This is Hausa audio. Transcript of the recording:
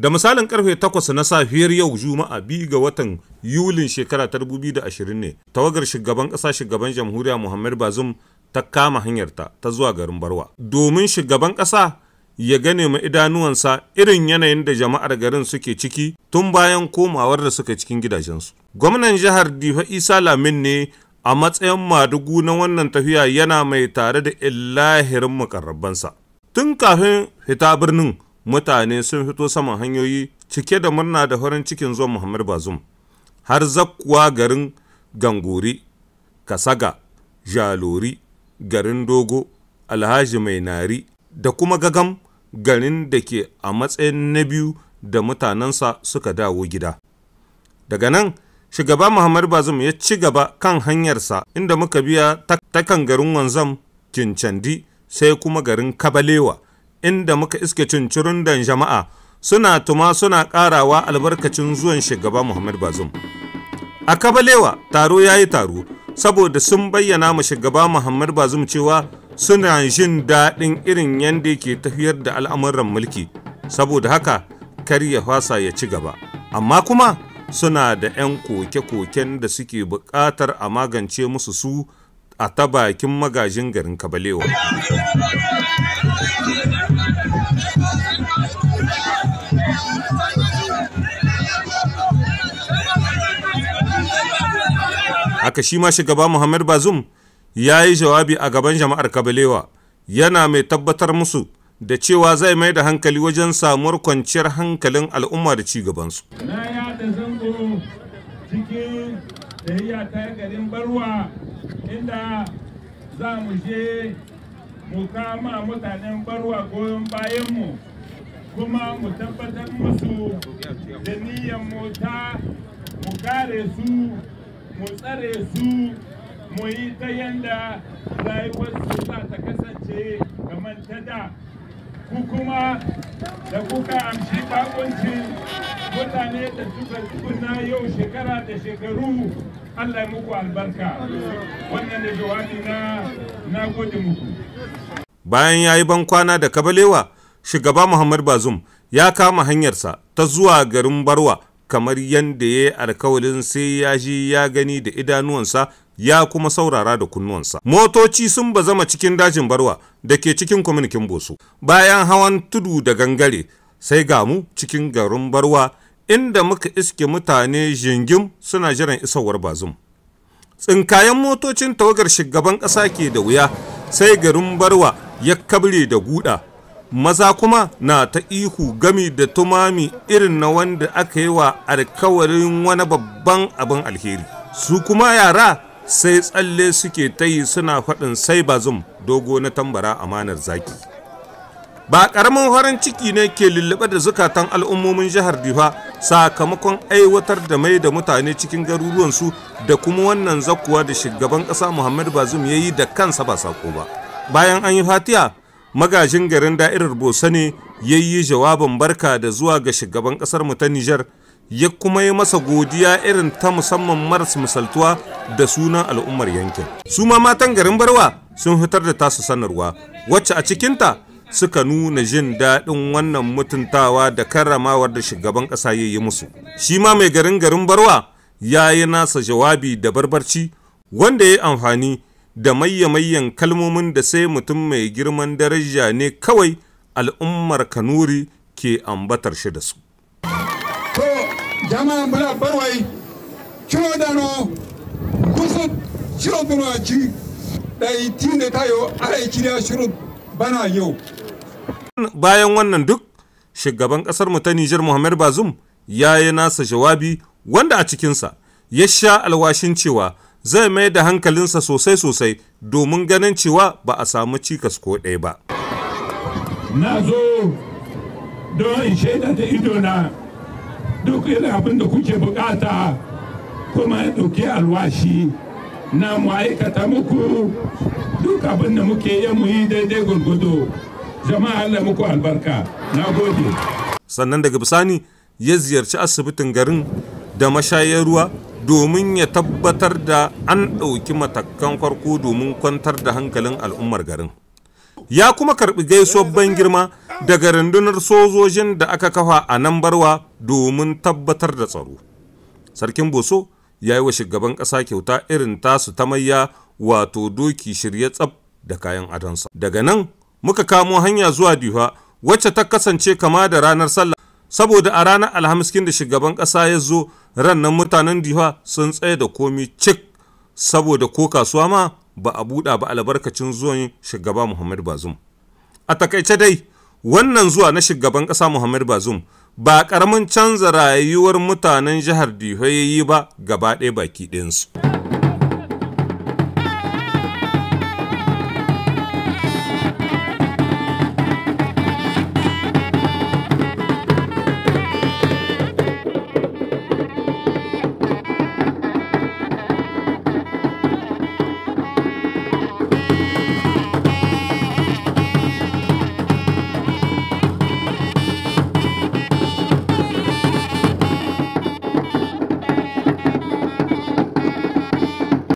da misalin karfe 8 na safiyar yau juma'a biyu ga watan yulin shekara 2020 ne tawagar shugaban ƙasa shugaban jamhuriya muhammad bazum ta kama hanyarta ta zuwa garin barwa domin shugaban ƙasa ya gane ma idanuwansa irin yanayin da jama'ar garin suke ciki tun bayan komawar da suka cikin gidajensu gwamnan jihar difa isa lamin ne a matsayin madugu na wannan tafiya yana mai tare da illahirin mukarrabansa tun kafin fita birnin mutane sun fito saman hanyoyi cike da murna da farin cikin zuwan muhammad bazum har zakkuwa garin gangori kasaga jalori garin dogo alhaji mai nari da kuma gagam garin da ke a matsayin na biyu da mutanensa suka dawo gida daga nan shugaba muhammad bazum ya ci gaba kan hanyarsa inda muka biya ta kan garin wanzam kincandi sai kuma garin kabalewa inda muka iske cincirundan jama'a suna tuma suna karawa albarkacin zuwan shugaba Muhammad Bazum. A Kabalewa taro ya yi taro saboda sun bayyana ma shugaba Muhammad Bazum cewa suna jin daɗin irin yadda ke tafiyar da al'amuran mulki saboda haka kar ya fasa ya ci gaba. Amma kuma suna da 'yan koke-koken da suke buƙatar a magance musu su a ta bakin magajin garin Kabalewa. haka shi ma shugaba Muhammad Bazum ya yi jawabi a gaban jama'ar Kabalewa yana mai tabbatar musu da cewa zai mai da hankali wajen samuwar kwanciyar hankalin al'umma da cigabansu. Na yada zango cikin da ta garin barwa inda za mu je mu kama mutanen barwa goyon bayanmu kuma mu tabbatar musu da niyyar mota mu kare su mu tsare su mu yi ta yanda rayuwarsu za ta kasance kamar ta da ku kuma da kuka amshi bakunci mutane da suka tukuna yau shekara da shekaru Allah ya muku albarka wannan da jawabi na na gode muku bayan ya yi ban kwana da kabalewa shugaba muhammad bazum ya kama hanyarsa ta zuwa garin barwa kamar yadda ya yi alkawalin sai ya ji ya gani da idanuwansa ya kuma saurara da kunnuwansa motoci sun bazama cikin dajin barwa da ke cikin kwaminikin boso bayan hawan tudu da gangare sai gamu cikin garin barwa inda muka iske mutane jingim suna jiran isowar bazum tsinkayen motocin tawagar shugaban ƙasa ke da wuya sai garin barwa ya kabre da guda maza kuma na ta ihu gami da tumami irin na wanda aka yi wa alkawarin wani babban abin alheri su kuma yara sai tsalle suke ta yi suna faɗin sai bazum dogo na tambara amanar zaki ba ƙaramin farin ciki ne ke lullube da zukatan al'ummomin jihar difa sakamakon aiwatar da mai da mutane cikin garuruwansu da kuma wannan zakuwa da shugaban ƙasa Muhammadu bazum ya yi da kansa ba sako ba bayan an yi fatiya magajin garin da'irar bosani ya yi jawabin barka da zuwa ga shugaban kasar mu ta nijar ya kuma yi masa godiya irin ta musamman maras misaltuwa da sunan al'ummar yankin su ma matan garin barwa sun fitar da tasu sanarwa wacce a cikinta suka nuna jin daɗin wannan mutuntawa da karramawar da shugaban ƙasa ya yi musu shi ma mai garin garin barwa ya yi nasa jawabi da barbarci wanda ya yi amfani da mayyamayyan kalmomin da sai mutum mai girman daraja ne kawai al'ummar kanuri ke ambatar shi da su. To, jama'a muna barwai, kiro no, kusa shiro dano ci, ɗai tine tayo, aiki da shirin bana yau. Bayan wannan duk, shugaban ƙasar mu ta Nijar Muhammad Bazum ya yi nasa jawabi wanda a cikinsa ya sha alwashin cewa zai mai da hankalinsa sosai-sosai domin ganin cewa ba a samu cikas ko ɗaya ba. Na zo don in shaida da idona duk irin abin da kuke bukata kuma ya ɗauki alwashi na ma'aikata muku duk abin da muke yi mu yi daidai gwargwado jama'a Allah muku albarka na gode. Sannan daga bisani ya ziyarci asibitin garin da mashayar ruwa domin ya tabbatar da an ɗauki matakan farko domin kwantar da hankalin al'ummar garin ya kuma karɓi gaisuwar ban girma daga rundunar sojojin da aka kafa a nan barwa domin tabbatar da tsaro sarkin boso ya yi wa shugaban ƙasa kyauta irin tasu ta mayya wato doki shirye tsab da kayan adonsa daga nan muka kamo hanya zuwa diwa wacce ta kasance kama da ranar sallah saboda a ranar alhamiskin da shugaban ƙasa ya zo rannan mutanen diwa sun tsaye da komi cik saboda ko kasuwa ma ba a buɗa ba albarkacin zuwan shugaba muhammad bazum a takaice dai wannan zuwa na shugaban ƙasa muhammad bazum ba ƙaramin canza rayuwar mutanen jihar ya yi ba gaba ɗaya baki ɗinsu.